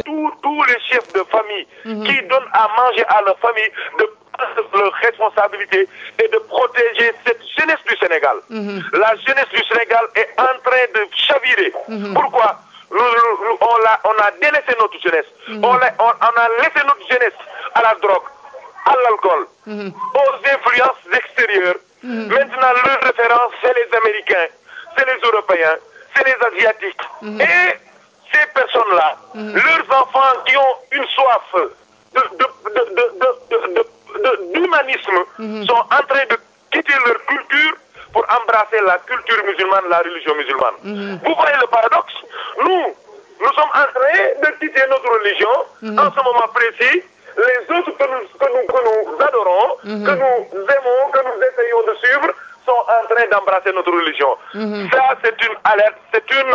Tous, tous les chefs de famille mmh. qui donnent à manger à leur famille de prendre leurs responsabilités et de protéger cette jeunesse du Sénégal. Mhm. La jeunesse du Sénégal est en train de chavirer. Mhm. Pourquoi? On a, délaissé notre jeunesse. Mhm. On a, laissé notre jeunesse à la drogue, à l'alcool, aux influences extérieures. Maintenant, leur référence, c'est les Américains, c'est les Européens, c'est les Asiatiques. Et ces personnes-là, mmh. leurs enfants qui ont une soif de, de, mhm. sont en train de quitter leur culture pour embrasser la culture musulmane, la religion musulmane. Mhm. Vous voyez le paradoxe Nous, nous sommes en train de quitter notre religion mhm. en ce moment précis. Les autres que nous, adorons, que nous essayons de suivre, sont en train d'embrasser notre religion. c'est une alerte, c'est une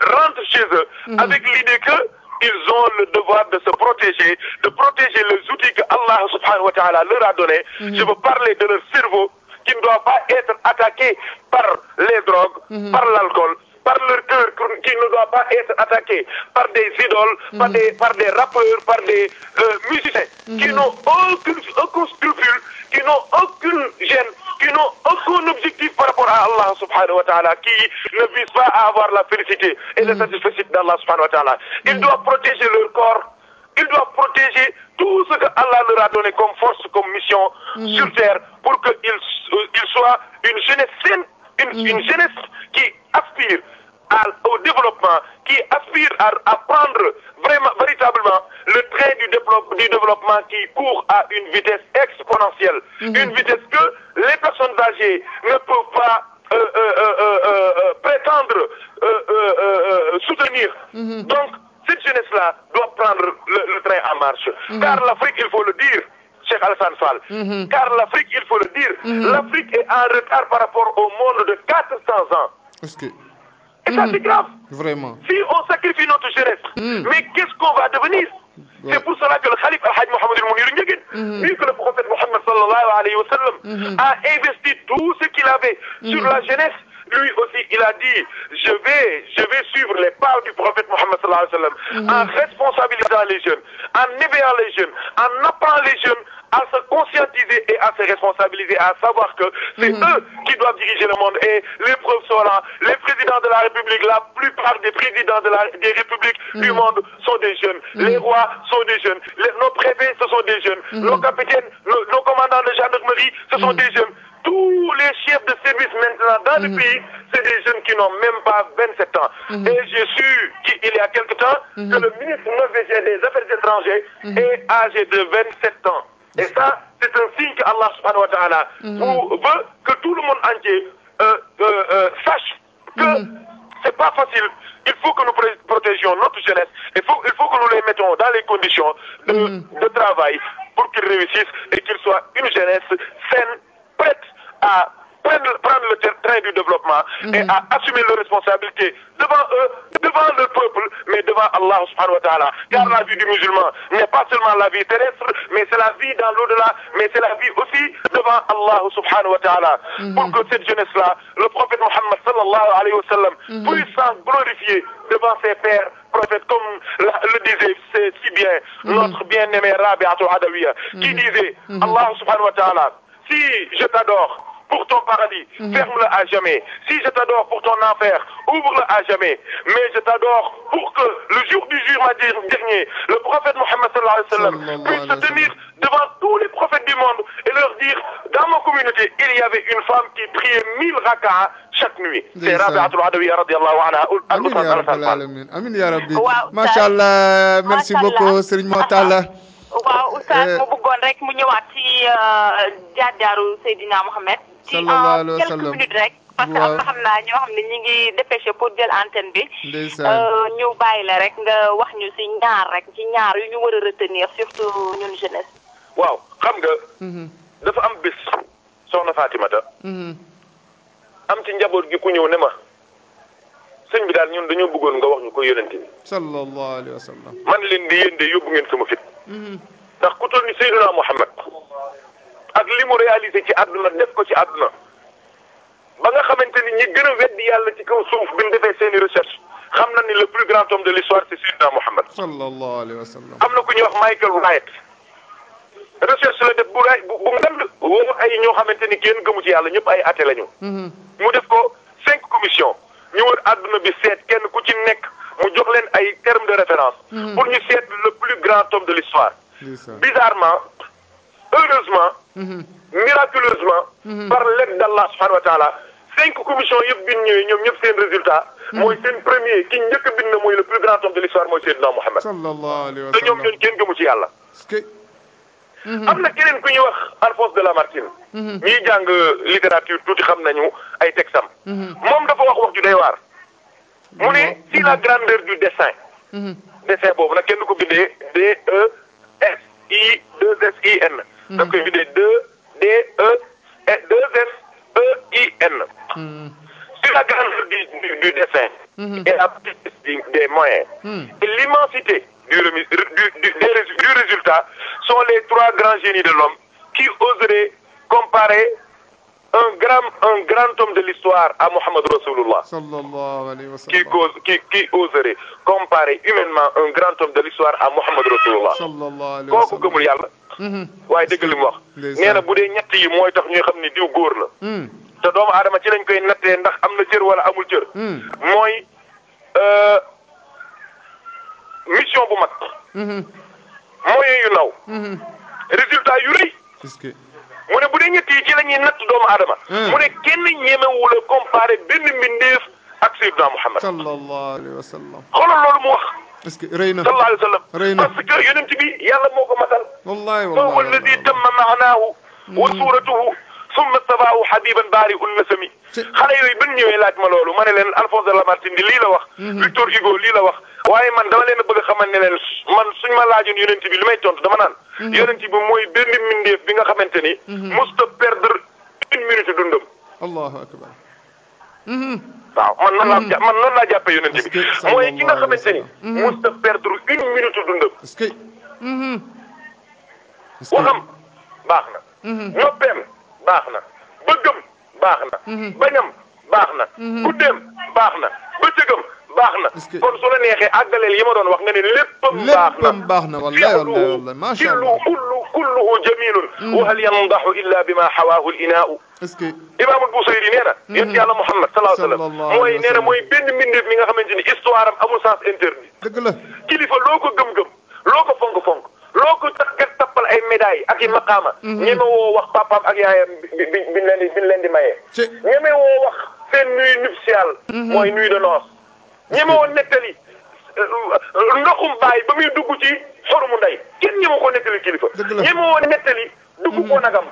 rentrent chez eux mhm. avec l'idée que ils ont le devoir de se protéger, de protéger les outils que Allah subhanahu wa a mhm. Je veux parler de leur cerveau qui ne doit pas être attaqué par les drogues, mhm. par l'alcool, par leur cœur qui ne doit pas être attaqué par des idoles, par, mm. des, rappeurs, par des euh, musiciens mm-hmm. qui n'ont aucun, scrupule, qui n'ont aucune gêne, qui n'ont aucun objectif par rapport à Allah subhanahu qui ne visent pas à avoir la félicité et la mm. satisfaction d'Allah subhanahu wa ta'ala. Ils mm. protéger leur corps, ils doivent protéger tout ce que Allah leur a donné comme force, comme mission sur terre pour qu'ils euh, une jeunesse saine, qui aspire à, au développement, qui aspire à, à prendre vraiment, véritablement le train du, du développement qui court à une vitesse exponentielle, mmh. une vitesse que les personnes âgées ne peuvent pas prétendre soutenir. Donc, cette jeunesse-là doit prendre le, train en marche. Mhm. Car l'Afrique, il faut le dire, Cheikh Alassane Fall. Mhm. Car l'Afrique, il faut le dire, mhm. l'Afrique est en retard par rapport au monde de ans. Et ça, c'est grave. Mm. Vraiment. Si on sacrifie notre jeunesse, mm. mais qu'est-ce qu'on va devenir Ouais. C'est pour cela que le calife Al-Hajj Mohamed Al-Mounir Ndiéguène, mm. vu que le prophète Mohammed sallallahu alayhi wa sallam a la lui aussi il a dit je vais suivre les pas du prophète Mohammed sallallahu alayhi wa sallam en responsabilisant les jeunes, en éveillant les jeunes, en apprend les jeunes à se conscientiser et à se responsabiliser, à savoir que c'est mhm. eux qui doivent diriger le monde. Et les preuves sont là. Les présidents de la République, la plupart des présidents de la, des du mhm. monde sont des jeunes. Mhm. Les rois sont des jeunes. nos préfets, ce sont des jeunes. Nos capitaines, nos, commandants de gendarmerie, ce sont des jeunes. Tous les chefs de service maintenant dans le pays, c'est des jeunes qui n'ont même pas 27 ans. a quelque temps le ministre norvégien des Affaires étrangères est âgé de 27 ans. Et ça, c'est un signe que Allah mm. tout le monde entier euh, euh, euh, sache que mm. c'est pas facile. Il faut que nous protégions notre jeunesse. Il faut, que nous les mettons dans les conditions mm. de, travail pour qu'ils réussissent et qu'ils soient une jeunesse saine, prête à train du développement mm-hmm. et à assumer leurs responsabilités devant eux, devant le peuple, mais devant Allah subhanahu mm-hmm. terrestre, mais c'est la vie dans l'au-delà, mais c'est la vie aussi devant Allah subhanahu wa ta'ala. Mm-hmm. Pour que cette le prophète devant ses pères prophètes, comme le disait c'est si bien notre bien-aimé Rabi'atul Adawiya, qui disait, Allah subhanahu wa si je t'adore, pour ton paradis. Ferme-le à jamais. Si je t'adore pour ton enfer, ouvre-le à jamais. Mais je t'adore pour que le jour du jugement dernier, le prophète Mohammed sallallahu se tenir devant tous les prophètes du monde et leur dire, dans ma communauté, il y avait une femme qui priait mille rak'a chaque nuit. C'est Rabiatul Adawiya radiyallahu anha. Amin ya rabbi. Masha Allah. Merci beaucoup Serigne Mor Talla. waaw oustaz eh. ma bëggoon rek mu ñëwaat ci euh, jaar-jaaru Seydina Mohamed. sallallahu euh, alayhi wa sallam ci en quelques minutes rek. am na xam xam ne ñu ngi dépêché pour jël antenne bi. Euh, ñu bàyyi la rek nga wax ñu si ñaar rek ci ñaar yu ñu war a retenir surtout ñun jeunesse. waaw xam nga. Mhm. dafa am bis soxna Fatimata. Mhm. am ci njaboot gi ku ñëw ne ma. sëñ bi daal ñun dañoo bëggoon nga wax ñu ko yonent man leen di yéen de yóbbu ngeen sama fit. ndax ku toll ni Seydina Muhammad ak li mu réalisé ci àdduna def ko ci àdduna ba nga xamante ni ñi gën a weddi yàlla ci kaw suuf bi ñu defee seen i recherche xam na ni le plus grand homme de l'histoire c'est Seydina Muhammad sallallahu am na ku ñuy wax Michael Wright recherche la def bu raay bu bu woo ay ñoo xamante ni kenn gëmu ci yàlla ñëpp ay athée lañu. Mhm. mu def ko cinq commission ñu wër àdduna bi seet kenn ku ci nekk mu jox leen ay termes de référence. Hmm. pour ñu seet le plus grand homme de l'histoire bizarrement heureusement. Hmm. miraculeusement. Hmm. par l'aide d'Allah subhanahu wa taala cinq commissions yëpp bi ñu ñëwee ñoom ñëpp seen résultat. mooy seen premier ki njëkk bind na mooy le plus grand homme de l'histoire mooy Seydina Mohamed. sallallahu alayhi wa te ñoom ñooñu kenn gëmu ci yàlla. Mhm. am na keneen ku ñuy wax Alphonse de Lamartine. Mhm. ñiy jàng littérature tuuti xam nañu ay texam. Mhm. moom dafa wax wax ju day waar. mu ne si la grandeur du dessin. dessin boobu nag kenn ko bindee D E S I 2 S I N. da koy bindee deux D E 2 S E I N. sur la grandeur du, du, du dessin mhm. et la petitesse des moyens. Hmm. l'immensité du, résultat sont les trois grands génies de l'homme qui oseraient comparer un grand, un grand homme de l'histoire à Mohammed Rasulullah. Qui, oserait comparer humainement un grand homme de l'histoire à Mohammed Rasulullah. kooku gëmul yàlla. Mhm. waaye dëgg li mu wax. nee na bu dee ñett yi mooy te doomu adama ci lañ koy nattee ndax am na jër wala amul jër. Hmm. mooy euh, mission bu mag. Hmm. moyen yu naw. Hmm. résultat yu rëy. mu ne bu dee ñett yi ci la ñuy doomu aadama. mu ne kenn ñemewul a comparé benn mbindeef ak Seydina Muhammad. sallallahu alayhi wa sallam. xoolal loolu mu wax. est-ce que rëy na sallallahu alayhi wa sallam. rëy na parce que yonent bi yàlla moo ko matal. wallaahi wallaahi wa huwa alladi tamma maanaahu wa summa sabaahu habiban baari un nasami xale yooyu bin ñëwee laaj ma loolu ma ne leen Alphonse de Lamartine di lii wax mhm. Victor Hugo lii la wax waaye man dama leen a bëgg a xamal ne leen man suñ laaj laajoon yonent bi li may tontu dama naan mhm. yonent bi mooy benn mbindeef bi nga xamante ni mhm. musta perdre une minute dundam allahu akbar waaw man noonu laa man noonu laa jàppee yonent bi mooy ki nga xamante ni musta perdre une minute dundam waxam baax na ñoppeem baax na bëggam baax na mhm. bañam baax na mhm. guddeem baax na bëccëgam baax na kon su la neexee àggaleel yi ma doon wax nga ne léppam baax na léppam baax na wallahi wallahi wallahi ma sha Allah kullu kulluhu jamilun mhm. wa hal yandahu illa bima hawaahu al-inaa'u est-ce que imaamul Busayri nee na yéen yàlla Muhammad sallallahu alayhi wa sallam mooy nee na mooy benn mbindeef mi nga xamante ni histoire am amul sens interdit dëgg la kilifa loo ko gëm-gëm loo ko fonk-fonk loo ko takkat tappal ay médailles ak i mm-hmm. maqaama. Mm-hmm. ñeme woo wax papaam ak yaayam bi bi leen di bi leen di maye. ñeme woo wax seen nuit nuptiale. Mm-hmm. mooy nuit de noces. ñeme nettali euh, ndoxum baay ba muy dugg ci xorumu ndey kenn ñeme ko nettali kilifa. ñeme woo nettali dugg ko nagam.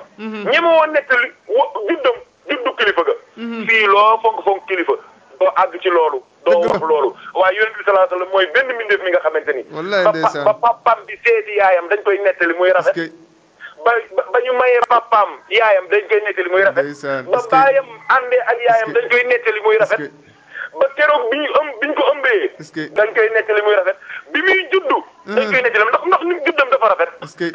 ñeme nettali juddam juddu kilifa ga. fii loo fonk fonk kilifa. doo àgg ci loolu. doo wax loolu waaye yonent bi la alayhi wasallam mooy benn mbindeef mi nga xamante ni. ba ba papaam di seeti yaayam dañ koy nettali muy rafet. ba ba ñu mayee papaam yaayam dañ koy nettali muy rafet. ba baayam àndee ak yaayam dañ koy nettali muy rafet. ba keroog bi ñu ëm bi ñu ko ëmbee. dañ koy nettali muy rafet bi muy juddu. dañ koy nettali ndax ndax ni juddam dafa rafet.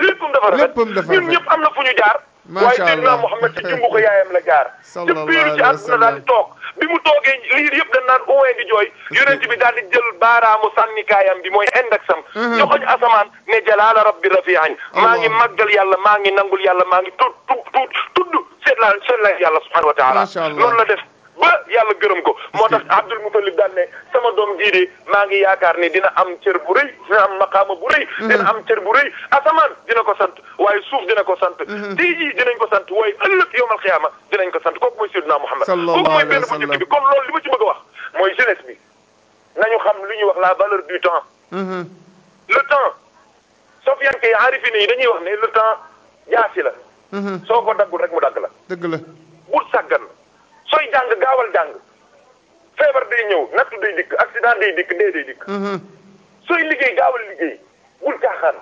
léppam dafa rafet ñun ñëpp am na fu ñu jaar. macha allah waaye Seydina Muhammad ci jumbu yaayam la jaar. sallallahu alayhi wa sallam toog. bi mu toogee lii yëpp dañ naan owen di jooy yonent bi daal di jël baaraamu sànnikaayam bi mooy indeksam mhm. joxoñ asamaan ne jalaala rabbi rafi'an mhm. maa ngi màggal yàlla maa ngi nangul yàlla maa ngi tudd tudd tudd seet laa seet laa yàlla subhanahu wa taala loolu la def ba yàlla gërëm ko moo tax Abdul Mutalib daan ne sama doom jii maa ngi yaakaar ne dina am cër bu rëy dina am maqaama bu rëy mhm. dina am cër bu asamaan dina ko sant waaye suuf dina ko sant tey jii ko sant waaye ëllëg yowmal xiyaama dinañ ko Seydina Mouhamed. sallallahu alayhi wa sallam kooku mooy benn bu njëkk bi comme loolu li ma ci bëgg a wax mooy jeunesse bi nañu xam lu ñuy wax la valeur du temps. Mhm. le temps sofiyanke yi aarifine yi dañuy wax ne le temps jaasi la. Mhm. soo ko daggul rek mu dagg la. dëgg la bul sàggan sooy jàng gaawal jàng feebar day ñëw nattu day dikk accident day dikk dee day dikk. Mhm. sooy liggéey gaawal liggéey bul caaxaan.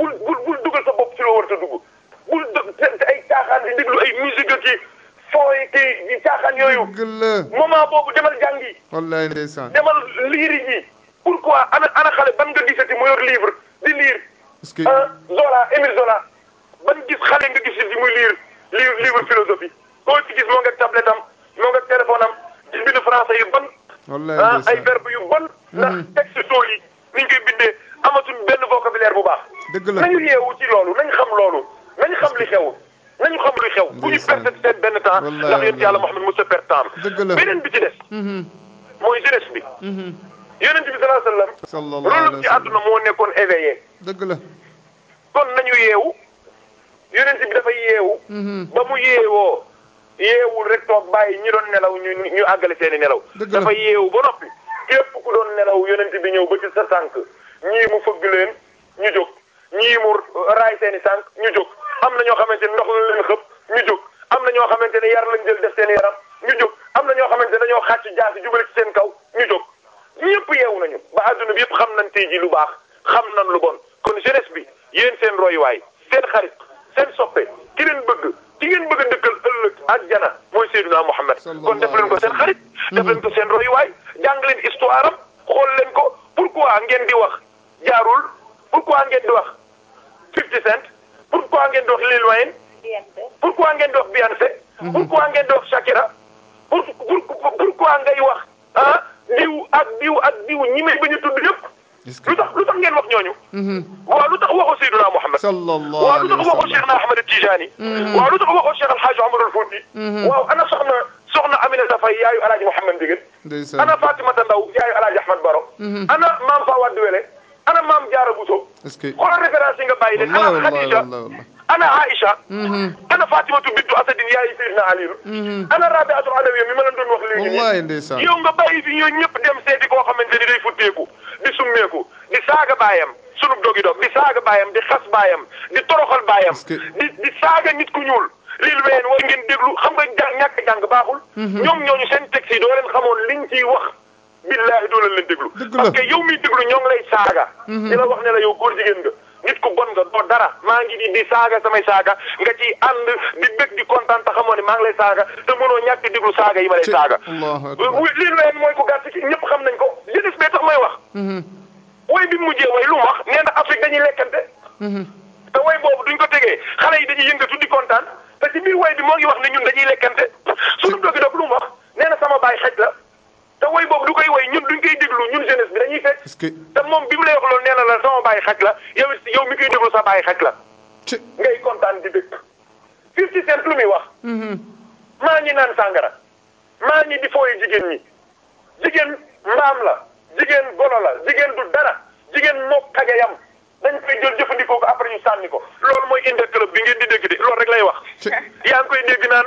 bul bul bul dugal sa bopp ci loo war a dugg bul te ay caaxaan di déglu ay musique ak foo yi te caaxaan yooyu. moment boobu demal jàngi. wallaay ndeysaan demal liiri ji. pourquoi ana ana xale ban nga gisati mu yor livre di liir. est-ce que euh, Zola Émile Zola ban gis xale nga gisati muy liir livre livre philosophie koo ci gis moo nga tablette am moo nga téléphone am ci bindu français yu bon. wallaay ah, ay bu yu bon. Hmm. ndax texte tool yi ni ñu koy bindee amatuñ benn vocabulaire bu baax. dëgg la nañu yeewu ci loolu nañu xam loolu nañu xam li xew. nañu xam luy xew. bu ñu perte seen benn temps. wallaay ndax yonent yàlla Muhammad mos a perte temps beneen bi ci des. Mhm. mooy jeunesse bi. Mhm. yonent bi sallallahu alayhi wa sallam. loolu ci àdduna moo nekkoon éveillé. dëgg la kon nañu yeewu yonent bi dafa yeewu. Mhm. ba mu yeewoo yeewul rek toog bàyyi ñi doon nelaw ñu ñu àggale seen i nelaw. dafa yeewu ba noppi képp ku doon nelaw yonent bi ñëw ba ci sa sànq ñii mu fëgg leen ñu jóg ñii mu raay seen i ñu jóg. xamante ni ndox la leen xëpp ñu jóg am na ñoo xamante ne yar lañ jël def seen yaram ñu jóg am na ñoo xamante ne dañoo xàcc jaasi jubale ci seen kaw ñu jóg ñëpp na nañu ba adduna bi yëpp xam nañ tey lu baax xam na lu bon kon jeunesse bi yéen seen royuwaay seen xarit seen soppe ki leen bëgg ki ngeen bëgg a dëkkal ëllëg àjjana mooy Seydina Muhammad kon def leen ko seen xarit pourquoi ngeen dox Lil Wayne. pourquoi ngeen dox Beyoncé. Mhm. pourquoi ngeen dox Shakira. pour pour pourquoi ngay wax ah diw ak diw ak diw ñi may a tudd yëpp. lu tax lu wax ñooñu. waaw lu wa lu tax waxoo Cheikh na Ahmed Tijani. waaw lu tax waxoo mhm. Cheikh Al Hadj Omar Al Fouti. Mhm. waaw ana soxna soxna Aminata Faye yaayu El Hadj Mouhamed Ndieguene. ana Fatimata Ndaw yaayu El Hadj Ahmed Baro. ana maam Fawade Wele. ana maam Jaara Buso. est-ce que nga bàyyi leen. ana Xadija ana Aïcha. Mhm. ana Fatimatu bintu Asadin yaayu Seydina Aliyu. Mhm. ana Rabiatul Adawiya mi ma leen doon wax léegi. wallaay ndeysaan yow nga bàyyi fi ñooñu ñëpp dem seeti koo xamante ni baayam. sunub dogi dog di saaga baayam di xas baayam di toroxal baayam di saaga nit ku ñuul lil ween war ngeen déglu xam nga jàng ñàkk baaxul mhm. ñoom ñooñu seen texte yi xamoon liñ wax billaahi doo leen leen déglu. parce que yow miy déglu ñoo ngi lay saaga. Mhm. di la wax ne la yow góor jigéen nga. nit ku bon nga doo dara maa ngi di di saaga samay saaga nga ci ànd di bëgg di kontaan te ne ma lay saaga. lii leen mooy ko gàtt ñëpp xam nañ ko li des bee tax may wax. Mhm. way bi mujjee way lu mu wax nee na Afrique dañuy lekkante. Mhm. te way boobu duñ ko tegee xale yi dañuy yëngatu di kontaan te ci biir way bi moo ngi wax ne ñun dañuy lekkante suñu dogi dog lu mu wax nee na sama baay xaj la. te woy boobu du koy woy ñun duñ koy déglu ñun jeunesse bi dañuy fekk. est te moom bi mu lay wax loolu nee na la sama bàyyi xaj la yow yow mi koy déglu sa bàyyi xaj la. ngay kontaan di dëkk. Fifty Cent lu muy wax. Mm-hmm. maa ngi naan sàngara. maa ngi di fooy jigéen ñi. jigéen mbaam la. jigéen golo la jigéen du dara. jigéen mook xaja yam. dañ koy jël jëfandikoo ko après ñu sànni ko. loolu mooy indi club bi ngeen di nekk de loolu rek lay wax. yaa ngi koy dégg naan.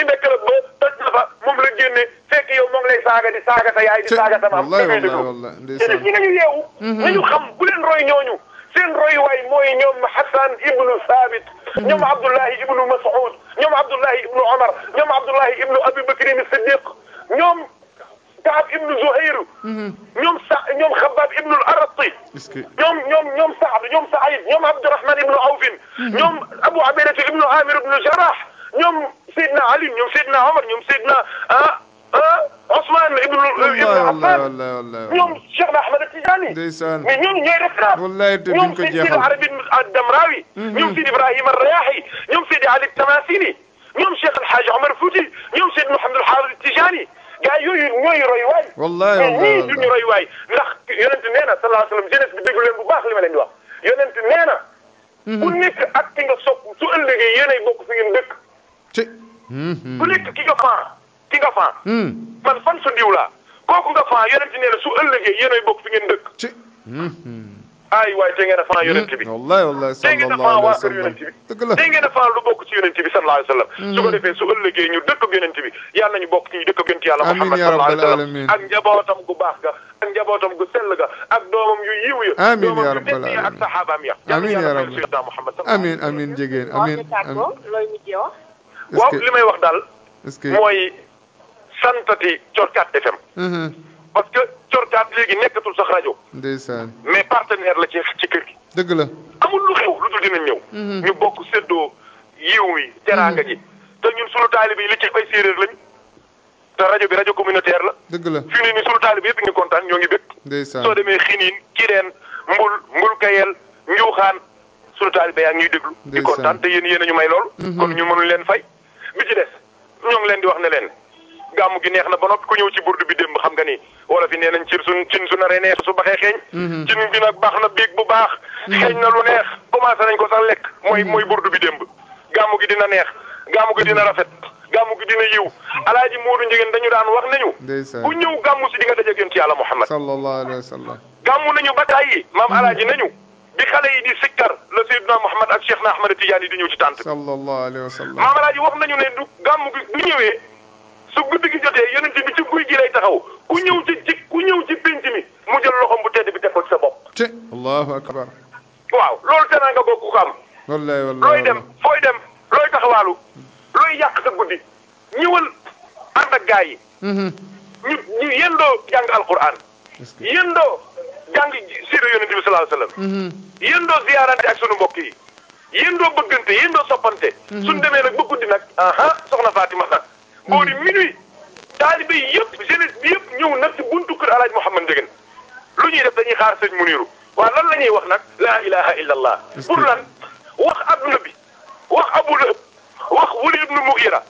inde club ba toj na fa moom la génne fekk yow moom lay saaga di saaga sa yaay di saaga sa maam dangay dëgg déedéet ñi nañu yeewu mhm. nañu xam bu leen roy ñooñu seen royuwaay mooy ñoom Hassan ibnu Sabit mhm. ñoom Abdullahi ibnu Mas'ud ñoom Abdullahi ibnu Omar ñoom Abdullahi ibnu Abi Bakrin Siddiq ñoom Kaab ibnu Zuhair mhm. ñoom sa ñoom Xabbaab ibnu Arati ñoom ñoom ñoom Saad ñoom Saïd ñoom Abdurahman ibnu Awfin ñoom Abu Abaydata ibnu Amir ibnu Jarrah ñoom Seydina Ali ñoom Seydina Omar ñoom Seydina ah ah Ousmane ibnu ibnu Affan ñoom Cheikh Ahmed Tidiane ndeysaan mais ñoom ñooy référence wallaay te duñ ko jeexal mhm. ñoom Seydi Arabi Damrawi ñoom Seydi Ibrahima Rayahi ñoom Seydi Ali Tamasini ñoom Cheikh El Hadj Omar Fouti ñoom Seydi Mouhamed El Hadj Tidiane gaa yooyu ñooy roy waay wallaay mais ñii duñu roy waay ndax yonent nee na sallallahu alayhi wa sallam jeunesse bi déglu leen bu baax li ma leen di wax yonent nee na mhm. ku nekk ak ki nga sopp su ëllëgee yéenay bokk fi ngeen dëkk Mm-hmm. ku nekk ki nga faa ki nga faa. Mm. man fan sa diw laa kooku nga faa yonent nee na su ëllëgee yéenay bokk fi ngeen dëkk. Mm-hmm. ay waay te ngeen a faa mm-hmm. yonent bi. wallaay wallaay sallallahu alayhi wa sallam dëgg la te ngeen a faa lu bokk ci yonent bi sallallahu alayhi wa sallam. su ko defee su ëllëgee ñu dëkk ak yonent bi yàlla nañu bokk ci ñu dëkk ak yonent yàlla Muhammad sallallahu alayhi wa sallam ak njabootam gu baax ga ak njabootam gu sell ga ak doomam yu yiw ya. amiin yaa rabbal aalamiin ak saxaabaam ya. amiin yaa rabbal aalamiin amiin amiin jigéen amiin. waaw li may wax daal. mooy santati Corkat FM. Mhm. parce que Corkat léegi nekkatul sax rajo. ndeysaan mais partenaire la ci ci kër gi. dëgg la amul lu xew lu dul dinañ ñëw. Mhm. ñu bokk séddoo yiw yi teraanga ji. Mhm. te ñun sunu taalibe yi li ci séeréer lañ. te rajo bi rajo communautaire la. dëgg la fii nii nii sunu taalibe yëpp ngi kontaan ñoo ngi bëgg. ndeysaan soo demee Xinin Kireen Mbul Mbul Kayel Njuuxaan sunu taalibe yaa ngi ñuy déglu. di kontaan te yéen yéen ñu may lool kon ñu bi ci des ñoo leen di wax ne leen gàmm gi neex na ba noppi ku ñëw ci burdu bi démb xam nga ni wala fi nee nañ ci suñ cin su naree neex su baxee xeeñ mhm. cin bi nag baax na biig bu baax mhm. xeeñ na lu neex commencé nañ ko sax lekk mooy mhm. mooy burdu bi démb gàmm gi dina neex gàmm gi dina rafet gàmmu gi dina yiw alaaji Moodu Njigéen dañu daan wax nañu ku ñëw gàmmu si di nga dajeeg yonent yàlla Muhammad sallallahu alayhi wa sallam gàmmu nañu ba tàyyi maam alaaji nañu bi xale yi di sikkar la Seydina Muhammad ak Cheikh na Ahmad Tidiane di ñëw ci tànt bi. sallallahu alayhi wa sallam. nañu ne du gàmm gi du ñëwee su guddi gi jotee bi ci guy gi lay taxaw ku ñëw ci ci ci pénc mi mu jël loxoom bu tedd bi def ko ci sa bopp. te allahu akbar. waaw loolu tenaa nga bokk ko am. wallaay wallaay looy dem fooy dem looy taxawaalu looy yàq sa guddi ñëwal ànd ak gaa yi. Mhm. ñu ñu yendoo jàng siira yonente bi sallallahu alayhi wasallam mhm. yéen doo ziyaarante ak sunu mbokk yi yéen doo bëggante yéen doo soppante mhm. suñ demee nag ba guddi nag aha soxna Fatima nag boori mhm. minuit taalibe yëpp jeunesse bi yëpp ñëw nag ci buntu kër alaaj Mouhamad Ndiéguène lu ñuy def dañuy xaar mu Muniru waaw lan la ñuy wax nag laa ilaha illa allah pour lan wax adduna bi wax Abu Lahab wax Wali ibnu Mughira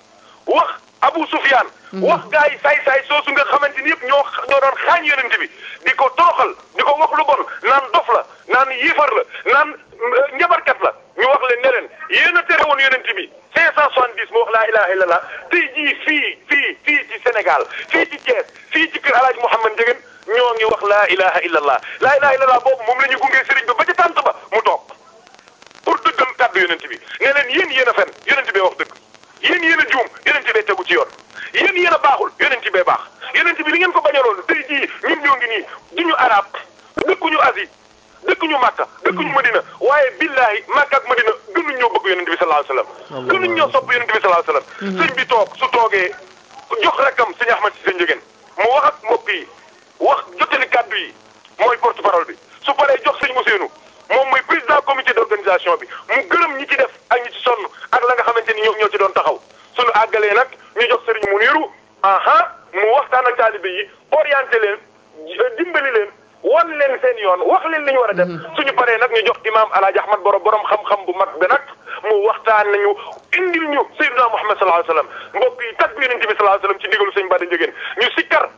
wax Abu Sufyaan mhm. wax gaa yi saay-saay soosu nga xamante ni yëpp ñoo ñoo doon xaañ yonent bi di ko tooxal di ko wax lu bon naan dof la naan yéefar la naan euh, njabarkat la ñu wax leen ne leen yéen a tere woon yonent bi 570 mu wax laa ilaaha illallah tey jii fii fii fii ci Sénégal fii ci Thiès fii ci kër El Hadj Mouhamed Ndiéguène ñoo ngi wax laa ilaaha illallah laa ilaaha illallah moom la ñu gunge sëriñ bi ba ca tànt ba mu toog pour dëggal kàddu yonent bi ne leen yéen yéen a fen yonent bi wax dëgg. yéen yéen a juum yonent bee tegu ci yoon yéen yéen a baaxul yonent bee baax yonent bi li ngeen ko bañaloon tey jii ñun ñoo ngi nii duñu arab dëkkuñu Asie dëkkuñu Makka dëkkuñu Madina waaye billaahi Makka ak Madina gënuñ ñoo bëgg yonent bi sallallahu alayhi wasallam gënuñ ñoo sopp yonent bi sallallahu alayhi wasallam mm-hmm. sëñ bi toog su toogee jox rakkam sëñ Ahmad si sëñ Njëgeen mu wax ak mbokk yi wax jottali kàddu yi mooy porte parole bi su paree jox sëñ Museenu moom mooy président comité d'organisation bi mu gërëm ñi ci def ak ñi ci sonn ak la nga xamante ni ñoom ñoo ci doon taxaw suñu àggalee nag ñu jox sëriñ Muniru aha mu waxtaan ak taalibe yi orienté leen dimbali leen wan leen seen yoon wax leen li ñu war a def mm-hmm. suñu paree nag ñu jox imam Alaaji Ahmad Boro borom xam-xam bu mag bi nag mu waxtaan nañu indil ñu Seydina Muhammad sallallahu alayhi wa sallam mbokk yi tagg Yonent bi sallallahu alayhi wa sallam ci ndigalu sëñ Bada Njëgéen ñu sikkar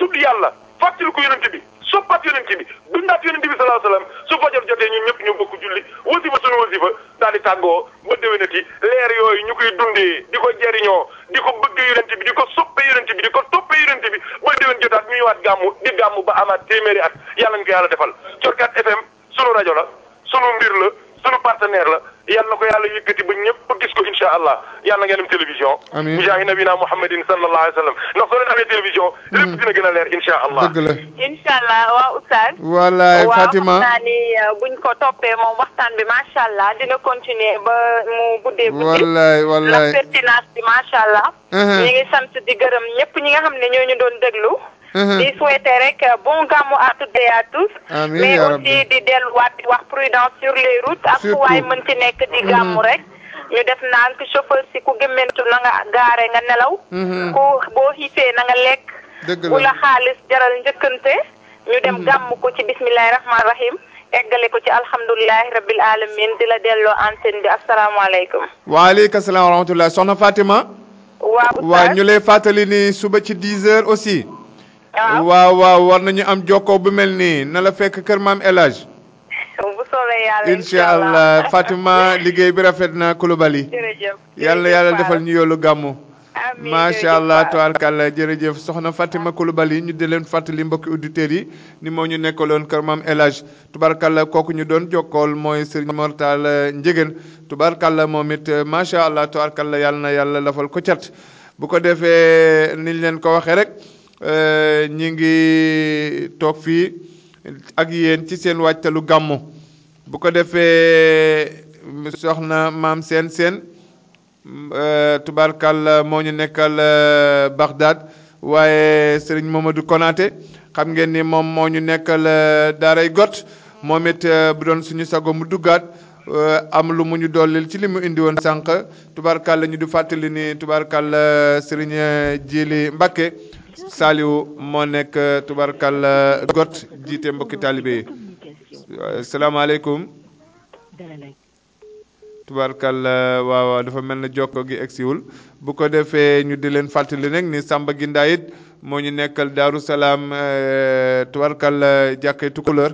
tudd yàlla fàttali ko Yonent bi soppaat yonent bi dundaat yonent bi sallallahu alayhi wa sallam su fajar jotee ñun ñëpp ñu bokk julli wasifa sunu wasifa daal di tàggoo ba déwénati leer yooyu ñu koy dundee di ko jariñoo di ko bëgg yonent bi di ko soppee yonent bi di ko toppee yonent bi ba déwén jotaat ñu ñëwaat gàmmu di gàmmu ba amaat téeméeri at yàlla ñu ko yàlla defal Corkat FM sunu rajo la sunu mbir la sunu partenaire la yal na ko yàlla yëkkati ba ñëpp gis ko incha yal na ngeen am télévision. amiin bu jaahi nabina muhammadin sallallahu alayhi wa sallam ndax hmm. dina gën a leer incha allah. dëgg la incha allah waa Oustaz. wallaay Fatima waaw xam euh, buñ ko toppee moom waxtaan bi macha allah dina continuer ba mu guddee guddi. wallaay wallaay la ngi sant di gërëm ñëpp ñi nga ñoo ñu doon déglu. Mhm. di souhaiter rek euh, bon gàmmu à toutes et tous. amiin mais aussi di delluwaat di wax prudence sur les routes. ak fu mën ci nekk di gàmmu mhm. rek. ñu def naan chauffeur si ku gémmentu na nga gaare nga nelaw. Mhm. ku boo xiifee na lekk. ku la xaalis jaral njëkkante. ñu dem gàmm ko ci bismillahi rahmaani rahim. eggale ko ci alhamdulilahi rabbil alamin di la delloo antenne bi asalaamaaleykum. waaleykum salaam wa rahmatulah soxna Fatima. waaw ñu lay fàttali ni suba ci 10 heures aussi. waaw waaw war nañu am jokkoo bu mel nii na la fekk kër maam El Hadj. bu allah Fatima liggéey bi rafet na Kulubali. jërëjëf yàlla yàlla defal ñu yolu gàmmu. amiin macha allah tubaarkàlla jërëjëf soxna Fatima Kulubali ñu di leen fàttali mbokki auditeurs yi ni moo ñu nekkaloon kër maam El kooku ñu doon jokkool mooy Serigne Mortal eh, Njegen tubaarkàlla moom it eh, macha allah tubaarkàlla yàlla na yàlla dafal ko cat bu ko defee niñ leen ko waxee rek. Euh, ñi ngi toog fii ak yéen ci seen wàccalu gàmmu bu ko defee soxna maam seen seen euh, tubaarkàlla moo ñu nekkal euh, Bagdad waaye sëriñ du konaate xam ngeen ni moom moo ñu nekkal daaray got moom bu doon suñu sago mu duggaat Euh, am lu mu ñu dollil ci li mu indi woon sànq tubaarkàlla ñu di fàttali ni tubaarkàlla sëriñ li Mbacke Saliou moo nekk euh, tubaarkàlla got jiite mbokki taalibe yi euh, salaamaaleykum tubaarkàlla waaw waaw dafa mel na jokko gi egsiwul bu ko defee ñu di leen fàttali nag ni Samba Gindaa it moo ñu nekkal Daaru Salaam tubaarkàlla jàkkee Tukulóor